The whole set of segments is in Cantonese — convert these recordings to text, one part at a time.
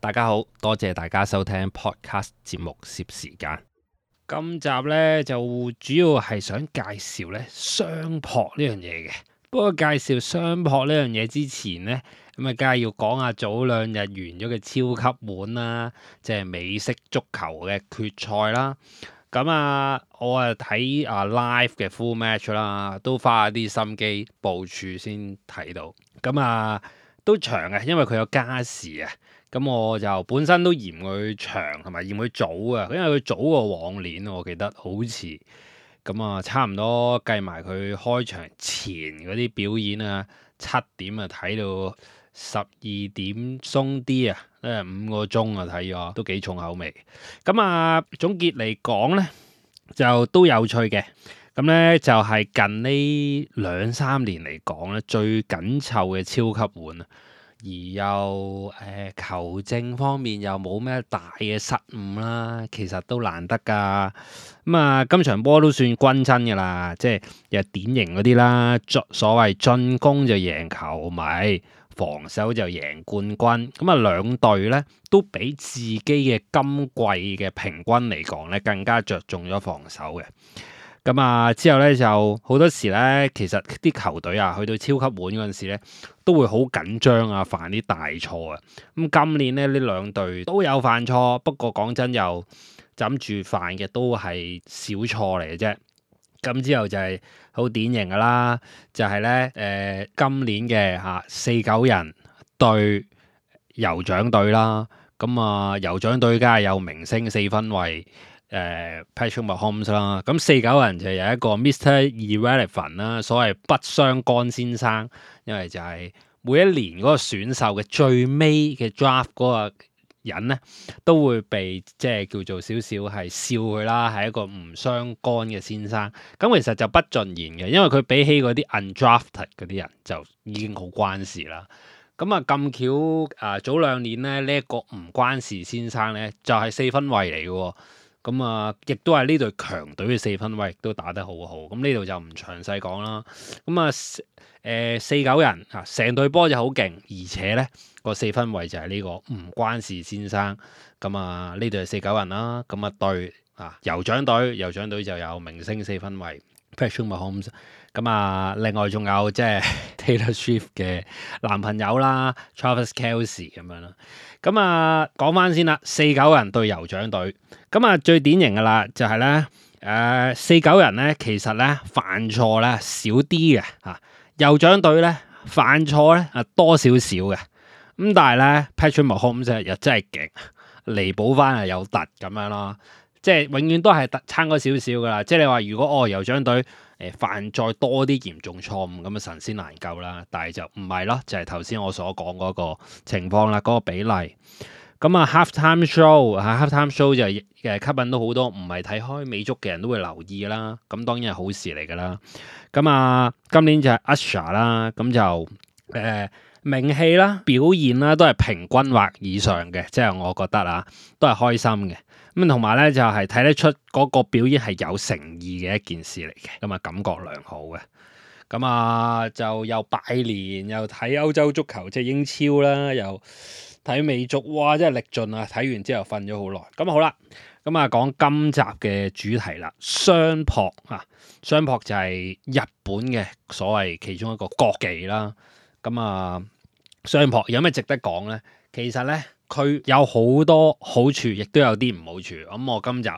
大家好，多謝大家收聽 podcast 節目攝時間。今集咧就主要係想介紹咧相撲呢樣嘢嘅。不過介紹相撲呢樣嘢之前咧，咁啊，梗係要講下早兩日完咗嘅超級碗啦，即係美式足球嘅決賽啦。咁啊，我啊睇啊 live 嘅 full match 啦，都花一啲心機部署先睇到。咁啊，都長嘅，因為佢有加時啊。咁我就本身都嫌佢長，同埋嫌佢早嘅，因為佢早過往年，我記得好似咁啊，差唔多計埋佢開場前嗰啲表演啊，七點啊睇到十二點鬆啲啊，誒五個鐘啊睇咗，都幾重口味。咁啊，總結嚟講咧，就都有趣嘅。咁咧就係近呢兩三年嚟講咧，最緊湊嘅超級碗啊！而又誒球證方面又冇咩大嘅失誤啦，其實都難得㗎。咁、嗯、啊，今場波都算均真㗎啦，即係又典型嗰啲啦，所謂進攻就贏球迷，防守就贏冠軍。咁、嗯、啊，兩隊呢都比自己嘅今季嘅平均嚟講呢，更加着重咗防守嘅。咁啊、嗯，之後咧就好多時咧，其實啲球隊啊，去到超級碗嗰陣時咧，都會好緊張啊，犯啲大錯啊。咁、嗯、今年咧，呢兩隊都有犯錯，不過講真又枕住犯嘅都係小錯嚟嘅啫。咁、嗯、之後就係好典型噶啦，就係咧誒今年嘅嚇四九人對酋長隊啦。咁啊酋長隊梗係有明星四分衛。誒 Patrick Mahomes 啦，咁、呃啊、四九人就有一個 Mr Irrelevant 啦，所謂不相干先生，因為就係每一年嗰個選秀嘅最尾嘅 draft 嗰個人咧，都會被即係叫做少少係笑佢啦，係一個唔相干嘅先生。咁、啊、其實就不盡然嘅，因為佢比起嗰啲 undrafted 嗰啲人就已經好關事啦。咁啊咁巧啊，早兩年咧呢一、這個唔關事先生咧，就係、是、四分衛嚟嘅。咁啊，亦、嗯、都係呢隊強隊嘅四分位亦都打得好好，咁呢度就唔詳細講啦。咁、嗯、啊，誒四、呃、四九人嚇，成、啊、隊波就好勁，而且咧個四分位就係呢、這個唔、嗯、關事先生。咁、嗯、啊，呢隊係四九人啦，咁啊隊啊酋長隊，酋、啊、長隊，隊就有明星四分位 Patrick Mahomes。咁啊，另外仲有即係 Taylor Swift 嘅男朋友啦，Travis Kelce 咁樣啦。咁啊，講翻先啦，四九人對酋長隊。咁啊，最典型噶啦，就係咧，誒，四九人咧，其實咧犯錯咧少啲嘅吓，酋長隊咧犯錯咧啊多少少嘅。咁但係咧，Patrick Mahomes 又真係勁，彌補翻啊又突咁樣咯，即係永遠都係差嗰少少噶啦。即係你話如果我酋長隊。誒犯再多啲嚴重錯誤咁啊神仙難救啦，但係就唔係咯，就係頭先我所講嗰個情況啦，嗰個比例。咁啊，half time show 嚇，half time show 就誒吸引到好多唔係睇開美足嘅人都會留意啦。咁當然係好事嚟㗎啦。咁啊，今年就係 Usher 啦，咁就誒名氣啦、表現啦都係平均或以上嘅，即係我覺得啊，都係開心嘅。咁同埋咧，就係、是、睇得出嗰個表演係有誠意嘅一件事嚟嘅，咁啊感覺良好嘅。咁、嗯、啊就又拜年，又睇歐洲足球，即係英超啦，又睇美足，哇！真係力盡啊！睇完之後瞓咗、嗯、好耐。咁好啦，咁啊講今集嘅主題啦，相撲啊，相撲就係日本嘅所謂其中一個國技啦。咁、嗯、啊，相撲有咩值得講咧？其實咧。佢有好多好處，亦都有啲唔好處。咁、嗯、我今集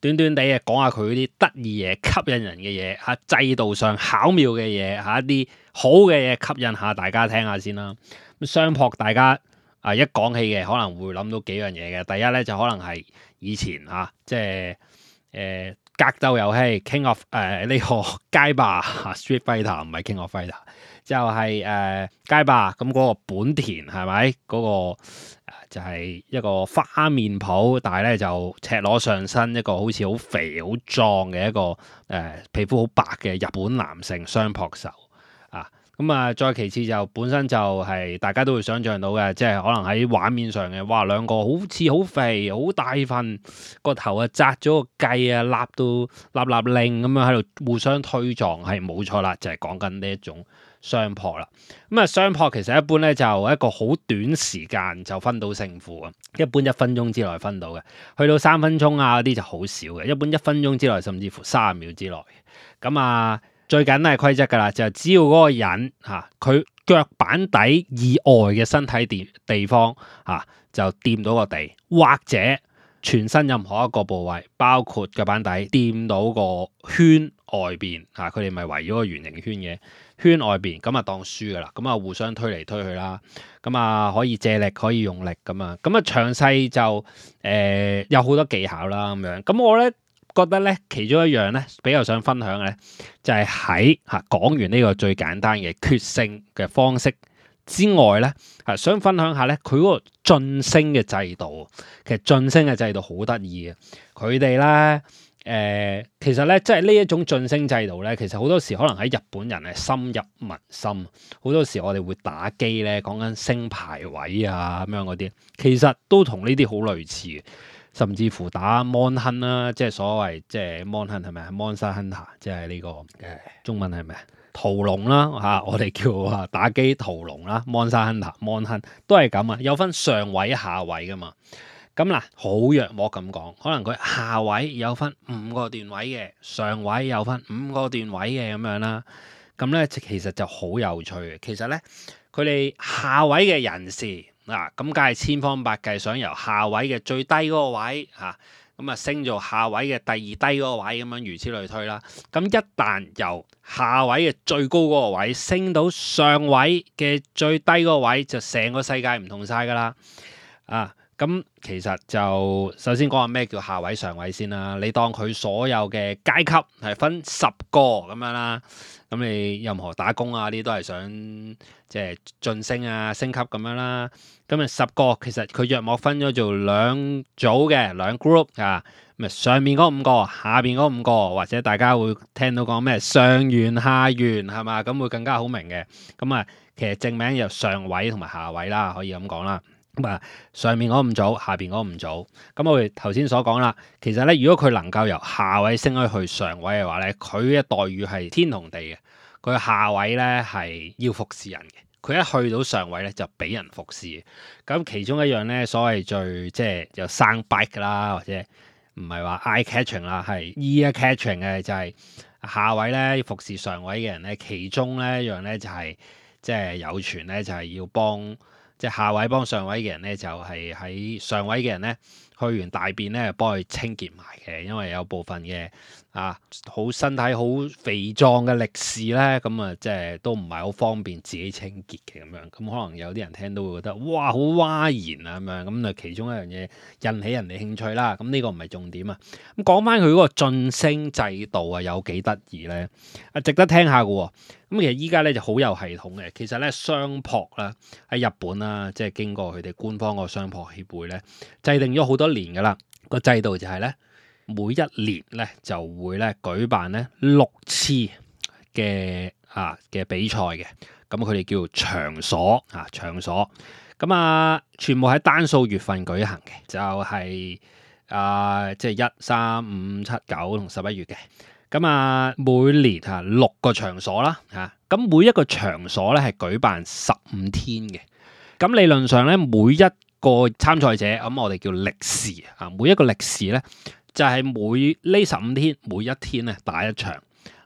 短短地啊，講下佢啲得意嘢、吸引人嘅嘢，吓制度上巧妙嘅嘢，吓一啲好嘅嘢，吸引下大家聽下先啦。咁相撲大家啊，一講起嘅可能會諗到幾樣嘢嘅。第一咧就可能係以前吓、啊，即係誒、呃、格鬥遊戲，King of 誒呢個街霸 Street Fighter 唔係 King of Fighter，就係、是、誒、呃、街霸。咁嗰個本田係咪、那個？就係一個花面袍，但係咧就赤裸上身，一個好似好肥好壯嘅一個誒、呃，皮膚好白嘅日本男性相撲手啊！咁啊，再其次就本身就係大家都會想像到嘅，即、就、係、是、可能喺畫面上嘅，哇兩個好似好肥好大份頭個頭啊，紮咗個髻啊，立到立立令咁樣喺度互相推撞，係冇錯啦，就係講緊呢一種。雙撲啦，咁啊雙撲其實一般咧就一個好短時間就分到勝負啊，一般一分鐘之內分到嘅，去到三分鐘啊嗰啲就好少嘅，一般一分鐘之內甚至乎三十秒之內。咁啊最簡單係規則㗎啦，就只要嗰個人嚇佢、啊、腳板底以外嘅身體地地方嚇就掂到個地，或者全身任何一個部位包括腳板底掂到個圈外邊吓，佢哋咪圍咗個圓形圈嘅圈外邊，咁啊當輸噶啦，咁啊互相推嚟推去啦，咁啊可以借力，可以用力咁啊，咁啊詳細就誒、呃、有好多技巧啦咁樣。咁我咧覺得咧，其中一樣咧比較想分享嘅咧，就係喺吓講完呢個最簡單嘅決勝嘅方式之外咧，啊想分享下咧佢嗰個晉升嘅制度，其實晉升嘅制度好得意啊，佢哋咧。誒、呃，其實咧，即係呢一種晉升制度咧，其實好多時可能喺日本人係深入民心。好多時我哋會打機咧，講緊升牌位啊咁樣嗰啲，其實都同呢啲好類似，甚至乎打 mon hunt 啦，即係所謂即係 mon hunt 係咪 monster hunter 即係，呢、這個 Yeah. 中文係咩？啊？屠龍啦嚇，我哋叫啊打機屠龍啦，monster hunter mon hunt，都係咁啊，有分上位下位噶嘛。咁嗱，好弱模咁講，可能佢下位有分五個段位嘅，上位有分五個段位嘅咁樣啦。咁咧，其實就好有趣嘅。其實咧，佢哋下位嘅人士嗱，咁梗係千方百計想由下位嘅最低嗰個位嚇，咁啊升做下位嘅第二低嗰個位咁樣，如此類推啦。咁、啊、一旦由下位嘅最高嗰個位升到上位嘅最低嗰個位，就成個世界唔同晒噶啦，啊！咁其實就首先講下咩叫下位上位先啦、啊。你當佢所有嘅階級係分十個咁樣啦。咁你任何打工啊呢啲都係想即係晉升啊升級咁樣啦。咁啊十個其實佢約莫分咗做兩組嘅兩 group 啊。咪上面嗰五個，下邊嗰五個，或者大家會聽到講咩上緣下緣係嘛？咁會更加好明嘅。咁啊，其實正名有上位同埋下位啦，可以咁講啦。咁啊，上面嗰五組，下邊嗰五組。咁我哋頭先所講啦，其實咧，如果佢能夠由下位升開去上位嘅話咧，佢嘅待遇係天同地嘅。佢下位咧係要服侍人嘅，佢一去到上位咧就俾人服侍。咁其中一樣咧，所謂最即係 sound bite 嘅啦，或者唔係話 eye catching 啦，係 ear catching 嘅就係、是、下位咧要服侍上位嘅人咧，其中咧一樣咧就係、是、即係有傳咧就係要幫。即係下位幫上位嘅人咧，就係喺上位嘅人咧去完大便咧，幫佢清潔埋嘅，因為有部分嘅。啊，好身體好肥壯嘅力士呢，咁啊，即係都唔係好方便自己清潔嘅咁樣，咁可能有啲人聽都會覺得哇，好嘩然啊咁樣，咁啊其中一樣嘢引起人哋興趣啦，咁呢個唔係重點啊。咁講翻佢嗰個晉升制度啊，有幾得意呢？啊值得聽下嘅。咁其實依家呢就好有系統嘅，其實呢，相撲啦喺日本啦，即係經過佢哋官方嘅相撲協會呢，制定咗好多年嘅啦，個制度就係、是、呢。每一年咧就會咧舉辦咧六次嘅啊嘅比賽嘅，咁佢哋叫場所啊場所，咁啊，場所啊全部喺單數月份舉行嘅，就係、是、啊即係一三五七九同十一月嘅，咁啊每年啊六個場所啦嚇，咁、啊啊、每一個場所咧係舉辦十五天嘅，咁、啊、理論上咧每一個參賽者，咁我哋叫力士啊，每一個力士咧。就係每呢十五天，每一天咧打一場，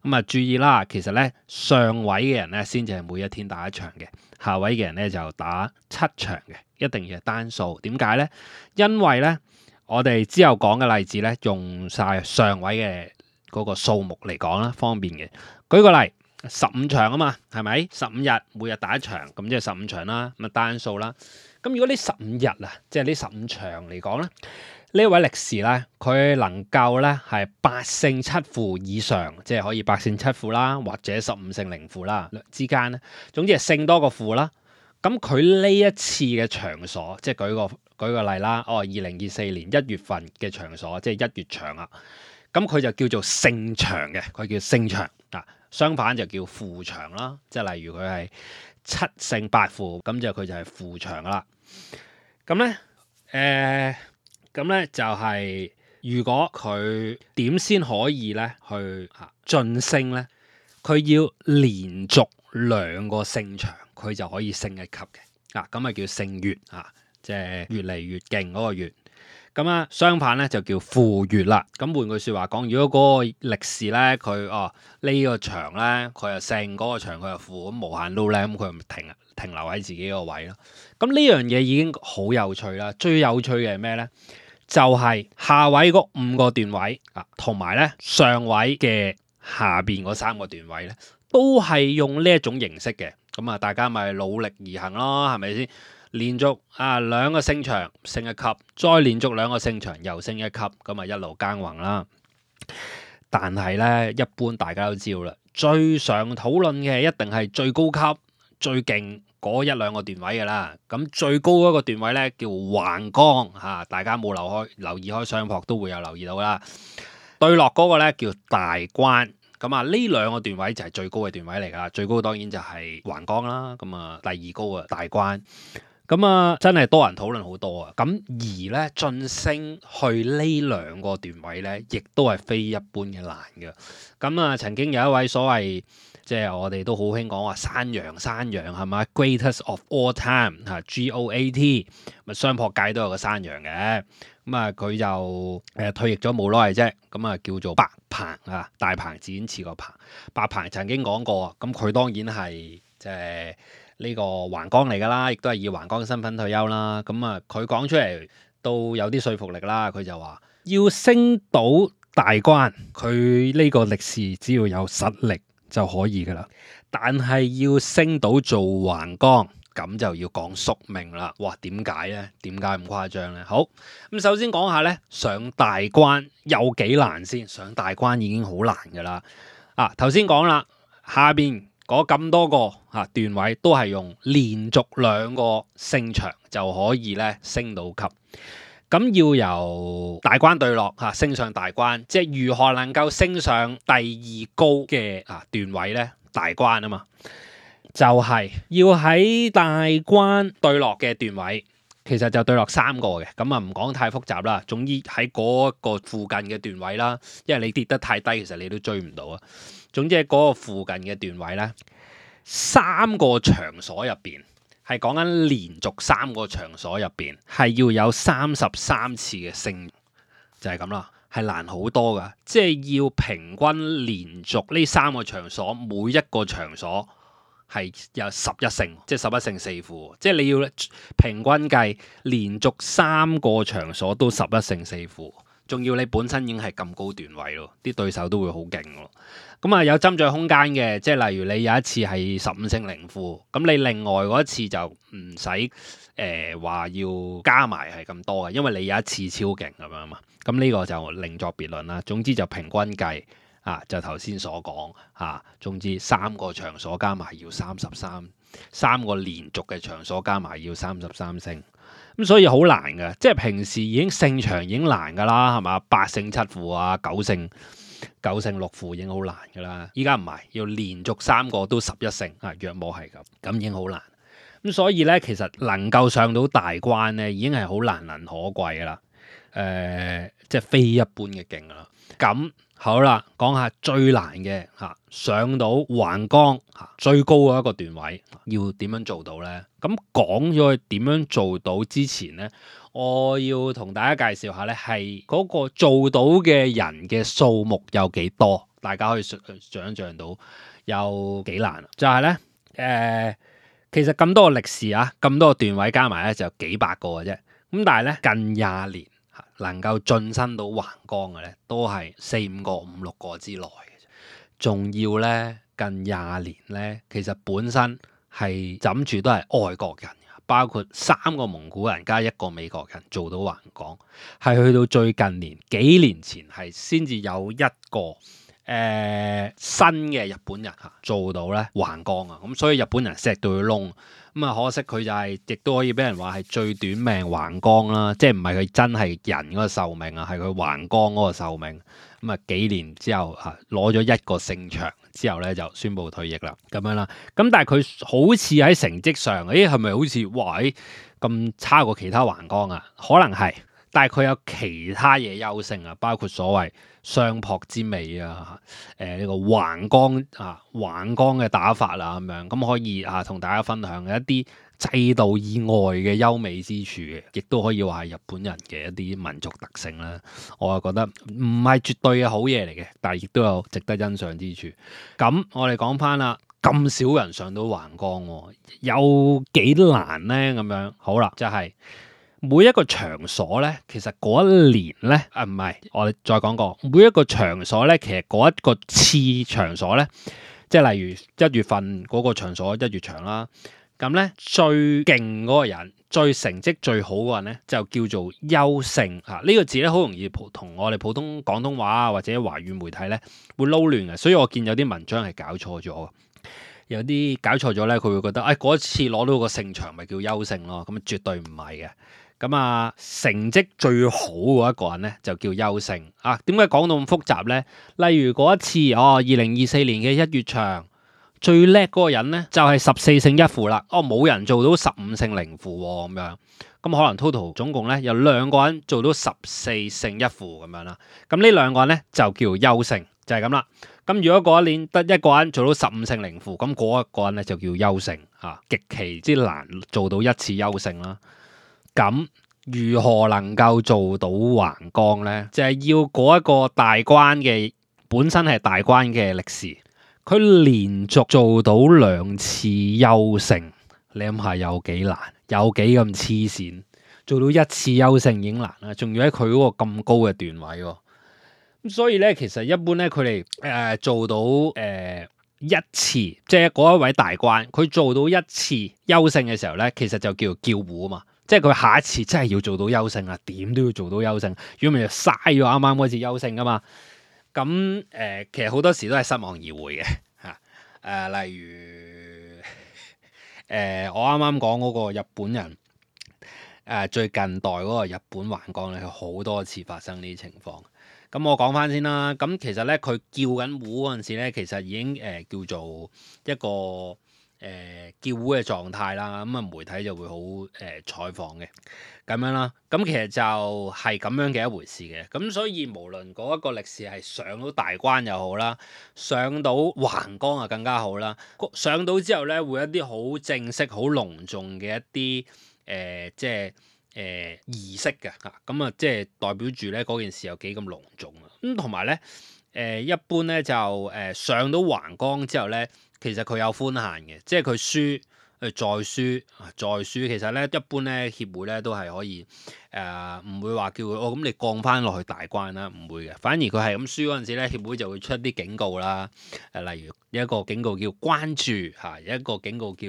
咁啊注意啦，其實咧上位嘅人咧先至係每一天打一場嘅，下位嘅人咧就打七場嘅，一定要係單數。點解咧？因為咧我哋之後講嘅例子咧用晒上位嘅嗰個數目嚟講啦，方便嘅。舉個例，十五場啊嘛，係咪？十五日，每日打一場，咁即係十五場啦，咪單數啦。咁如果呢十五日啊，即係呢十五場嚟講咧？位呢位力士咧，佢能夠咧係八勝七負以上，即係可以八勝七負啦，或者十五勝零負啦之間咧。總之係勝多過負啦。咁佢呢一次嘅場所，即係舉個舉個例啦。哦，二零二四年一月份嘅場所，即係一月場啊。咁佢就叫做勝場嘅，佢叫勝場啊。相反就叫負場啦。即係例如佢係七勝八負，咁就佢就係負場㗎啦。咁咧，誒、呃。咁咧就係如果佢點先可以咧去晉升咧，佢要連續兩個勝場，佢就可以升一級嘅啊，咁啊叫勝月啊，即係越嚟越勁嗰個月。咁啊相反咧就叫負月啦。咁、啊、換句説話講，如果嗰個力士咧佢哦呢、這個場咧佢又勝嗰、那個場佢又負，咁無限 loop 咧咁佢停停留喺自己個位咯。咁、啊、呢樣嘢已經好有趣啦。最有趣嘅係咩咧？就係下位嗰五個段位啊，同埋咧上位嘅下邊嗰三個段位咧，都係用呢一種形式嘅。咁啊，大家咪努力而行咯，係咪先？連續啊兩個升場，升一級，再連續兩個升場又升一級，咁啊一路耕耘啦。但係咧，一般大家都知道啦，最常討論嘅一定係最高級最勁。嗰一兩個段位噶啦，咁最高嗰個段位咧叫橫綱嚇，大家冇留開留意開相撲都會有留意到啦。對落嗰個咧叫大關，咁啊呢兩個段位就係最高嘅段位嚟噶啦，最高當然就係橫綱啦，咁啊第二高啊大關，咁啊真係多人討論好多啊。咁而咧晉升去呢兩個段位咧，亦都係非一般嘅難嘅。咁啊曾經有一位所謂。即係我哋都好興講話山羊，山羊係咪？greatest of all time 吓 g o a t 相撲界都有個山羊嘅，咁啊。佢、嗯、就誒退役咗冇耐啫，咁、嗯、啊叫做白鵬啊，大鵬展翅似個鵬，白鵬曾經講過，咁、嗯、佢當然係即係呢個橫綱嚟噶啦，亦都係以橫綱嘅身份退休啦。咁啊佢講出嚟都有啲說服力啦。佢就話要升到大關，佢呢個歷史只要有實力，就可以噶啦，但係要升到做橫綱咁就要講宿命啦。哇，點解呢？點解咁誇張呢？好，咁首先講下呢：上大關有幾難先？上大關已經好難噶啦。啊，頭先講啦，下邊嗰咁多個啊段位都係用連續兩個升場就可以咧升到級。咁要由大關對落嚇，升上大關，即係如何能夠升上第二高嘅啊段位呢？大關啊嘛，就係、是、要喺大關對落嘅段位，其實就對落三個嘅。咁啊，唔講太複雜啦。總之喺嗰個附近嘅段位啦，因為你跌得太低，其實你都追唔到啊。總之喺嗰個附近嘅段位呢，三個場所入邊。係講緊連續三個場所入邊，係要有三十三次嘅勝，就係咁啦。係難好多噶，即係要平均連續呢三個場所，每一個場所係有十一勝，即係十一勝四負。即係你要平均計，連續三個場所都十一勝四負。仲要你本身已經係咁高段位咯，啲對手都會好勁咁啊，有針對空間嘅，即係例如你有一次係十五星零負，咁你另外嗰一次就唔使誒話要加埋係咁多嘅，因為你有一次超勁咁樣啊嘛。咁呢個就另作別論啦。總之就平均計啊，就頭先所講啊，總之三個場所加埋要三十三，三個連續嘅場所加埋要三十三星。咁所以好難噶，即係平時已經勝場已經難噶啦，係嘛八勝七負啊，九勝九勝六負已經好難噶啦，依家唔係要連續三個都十一勝啊，約莫係咁，咁已經好難。咁所以咧，其實能夠上到大關咧，已經係好難能可貴噶啦。誒、呃，即係非一般嘅勁啦。咁好啦，講下最難嘅嚇，上到橫綱嚇最高嘅一個段位，要點樣做到咧？咁講咗去點樣做到之前咧，我要同大家介紹下咧，係嗰個做到嘅人嘅數目有幾多？大家可以想想象到有幾難、啊、就係、是、咧，誒、呃，其實咁多個歷史啊，咁多個段位加埋咧，就有幾百個嘅啫。咁但係咧，近廿年。能夠晉身到橫綱嘅咧，都係四五個、五六個之內嘅，仲要咧，近廿年咧，其實本身係枕住都係外國人，包括三個蒙古人加一個美國人做到橫綱，係去到最近年幾年前係先至有一個。誒新嘅日本人嚇做到咧橫綱啊，咁所以日本人錫到佢窿，咁啊可惜佢就係亦都可以俾人話係最短命橫綱啦，即係唔係佢真係人嗰個壽命啊，係佢橫綱嗰個壽命，咁啊幾年之後啊攞咗一個勝場之後咧就宣布退役啦咁樣啦，咁但係佢好似喺成績上，咦係咪好似哇咁差過其他橫綱啊？可能係，但係佢有其他嘢優勝啊，包括所謂。相撲之美啊，誒、呃、呢、這個橫綱啊，橫綱嘅打法啦、啊，咁樣咁可以啊，同大家分享一啲制度以外嘅優美之處亦、啊、都可以話係日本人嘅一啲民族特性啦、啊。我係覺得唔係絕對嘅好嘢嚟嘅，但係亦都有值得欣賞之處。咁我哋講返啦，咁少人上到橫綱、啊，有幾難呢？咁樣好啦，就係、是。每一個場所咧，其實嗰一年咧，啊唔係，我哋再講過，每一個場所咧，其實嗰一個次場所咧，即係例如一月份嗰個場所一月場啦，咁咧最勁嗰個人、最成績最好嘅人咧，就叫做優勝嚇。呢、啊這個字咧好容易同我哋普通廣東話或者華語媒體咧會撈亂嘅，所以我見有啲文章係搞錯咗，有啲搞錯咗咧，佢會覺得誒嗰、哎、次攞到個勝場咪叫優勝咯，咁、嗯、啊絕對唔係嘅。咁啊，成績最好嗰一個人咧就叫優勝啊！點解講到咁複雜咧？例如嗰一次，哦，二零二四年嘅一月場最叻嗰個人咧就係十四勝一負啦，哦，冇人做到十五勝零負喎咁樣。咁可能 total 總共咧有兩個人做到十四勝一負咁樣啦。咁呢兩個人咧就叫優勝，就係咁啦。咁如果嗰一年得一個人做到十五勝零負，咁嗰一個人咧就叫優勝啊！極其之難做到一次優勝啦。啊咁如何能夠做到橫綱呢？就係、是、要嗰一個大關嘅本身係大關嘅歷史，佢連續做到兩次優勝，你諗下有幾難，有幾咁黐線？做到一次優勝已經難啦，仲要喺佢嗰個咁高嘅段位。咁所以呢，其實一般呢，佢哋誒做到誒、呃、一次，即係嗰一位大關，佢做到一次優勝嘅時候呢，其實就叫叫糊啊嘛。即係佢下一次真係要做到優勝啊，點都要做到優勝，如果唔係就嘥咗啱啱嗰次優勝㗎嘛。咁誒、呃，其實好多時都係失望而回嘅嚇。誒、啊，例如誒、呃，我啱啱講嗰個日本人誒、啊，最近代嗰個日本橫綱咧，佢好多次發生呢啲情況。咁我講翻先啦。咁其實咧，佢叫緊胡嗰陣時咧，其實已經誒、呃、叫做一個。誒結會嘅狀態啦，咁啊媒體就會好誒、呃、採訪嘅咁樣啦。咁其實就係咁樣嘅一回事嘅。咁所以無論嗰一個力士係上到大關又好啦，上到橫綱啊更加好啦。上到之後咧，會一啲好正式、好隆重嘅一啲誒、呃，即係誒、呃、儀式嘅嚇。咁啊，即係代表住咧嗰件事有幾咁隆重啊。咁同埋咧誒，一般咧就誒、呃、上到橫綱之後咧。其實佢有寬限嘅，即係佢輸，佢再輸，再輸。其實咧，一般咧協會咧都係可以誒，唔、呃、會話叫佢哦咁你降翻落去大關啦，唔會嘅。反而佢係咁輸嗰陣時咧，協會就會出啲警告啦。誒、呃，例如一個警告叫關注，嚇、啊、一個警告叫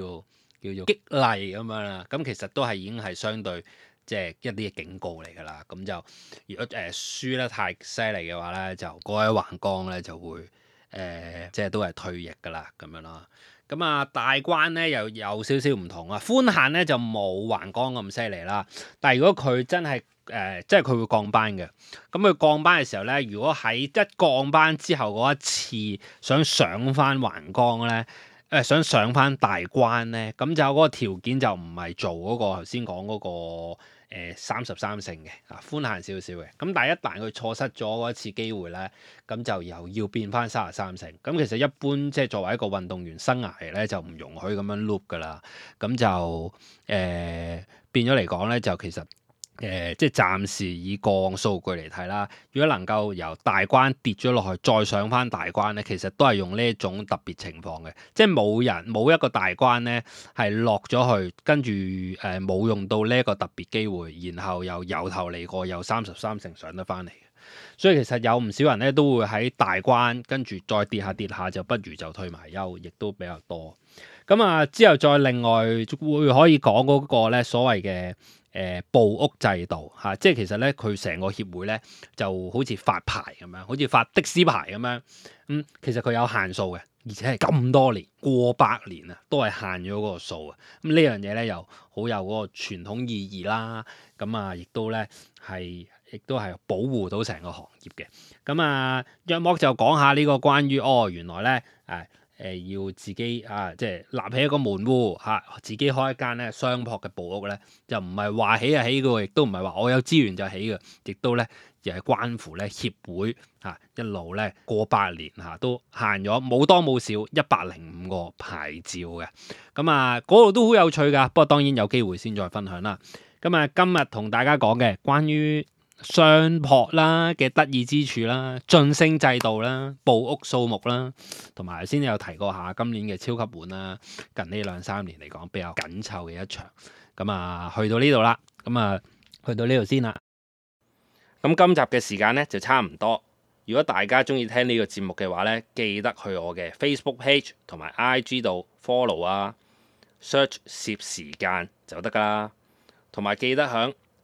叫做激勵咁樣啦。咁、啊嗯、其實都係已經係相對即係、就是、一啲嘅警告嚟㗎啦。咁就如果誒輸、呃、得太犀利嘅話咧，就嗰位橫綱咧就會。誒、呃，即係都係退役噶啦，咁樣咯。咁啊，大關咧又有少少唔同啊。寬限咧就冇橫綱咁犀利啦。但係如果佢真係誒、呃，即係佢會降班嘅。咁佢降班嘅時候咧，如果喺一降班之後嗰一次想上翻橫綱咧，誒、呃、想上翻大關咧，咁就有嗰個條件就唔係做嗰個頭先講嗰個。誒三十三勝嘅啊，寬限少少嘅，咁但係一旦佢錯失咗一次機會咧，咁就又要變翻三十三勝。咁其實一般即係作為一個運動員生涯咧，就唔容許咁樣 loop 噶啦。咁就誒、呃、變咗嚟講咧，就其實。誒、呃，即係暫時以個案數據嚟睇啦。如果能夠由大關跌咗落去，再上翻大關咧，其實都係用呢一種特別情況嘅。即係冇人冇一個大關咧係落咗去，跟住誒冇用到呢一個特別機會，然後又由頭嚟過，又三十三成上得翻嚟。所以其實有唔少人咧都會喺大關跟住再跌下跌下，就不如就退埋休，亦都比較多。咁啊，之後再另外會可以講嗰個咧所謂嘅。誒部、呃、屋制度吓、啊，即係其實咧，佢成個協會咧就好似發牌咁樣，好似發的士牌咁樣。咁、嗯、其實佢有限數嘅，而且係咁多年過百年啊，都係限咗嗰個數啊。咁呢樣嘢咧又好有嗰個傳統意義啦。咁啊，亦都咧係，亦都係保護到成個行業嘅。咁啊，約莫就講下呢個關於哦，原來咧誒。哎誒要自己啊，即係立起一個門戶嚇、啊，自己開一間咧相撲嘅部屋咧，就唔係話起就起嘅，亦都唔係話我有資源就起嘅，亦都咧就係關乎咧協會嚇、啊、一路咧過百年嚇、啊、都限咗冇多冇少一百零五個牌照嘅，咁啊嗰度都好有趣噶，不過當然有機會先再分享啦。咁啊今日同大家講嘅關於。相撲啦嘅得意之處啦，晉升制度啦，部屋數目啦，同埋先有提過下今年嘅超級碗啦。近呢兩三年嚟講比較緊湊嘅一場咁啊、嗯，去到呢度啦，咁、嗯、啊去到呢度先啦。咁今集嘅時間呢，就差唔多。如果大家中意聽呢個節目嘅話呢，記得去我嘅 Facebook page 同埋 I G 度 follow 啊，search 攝時間就得㗎喇，同埋記得響。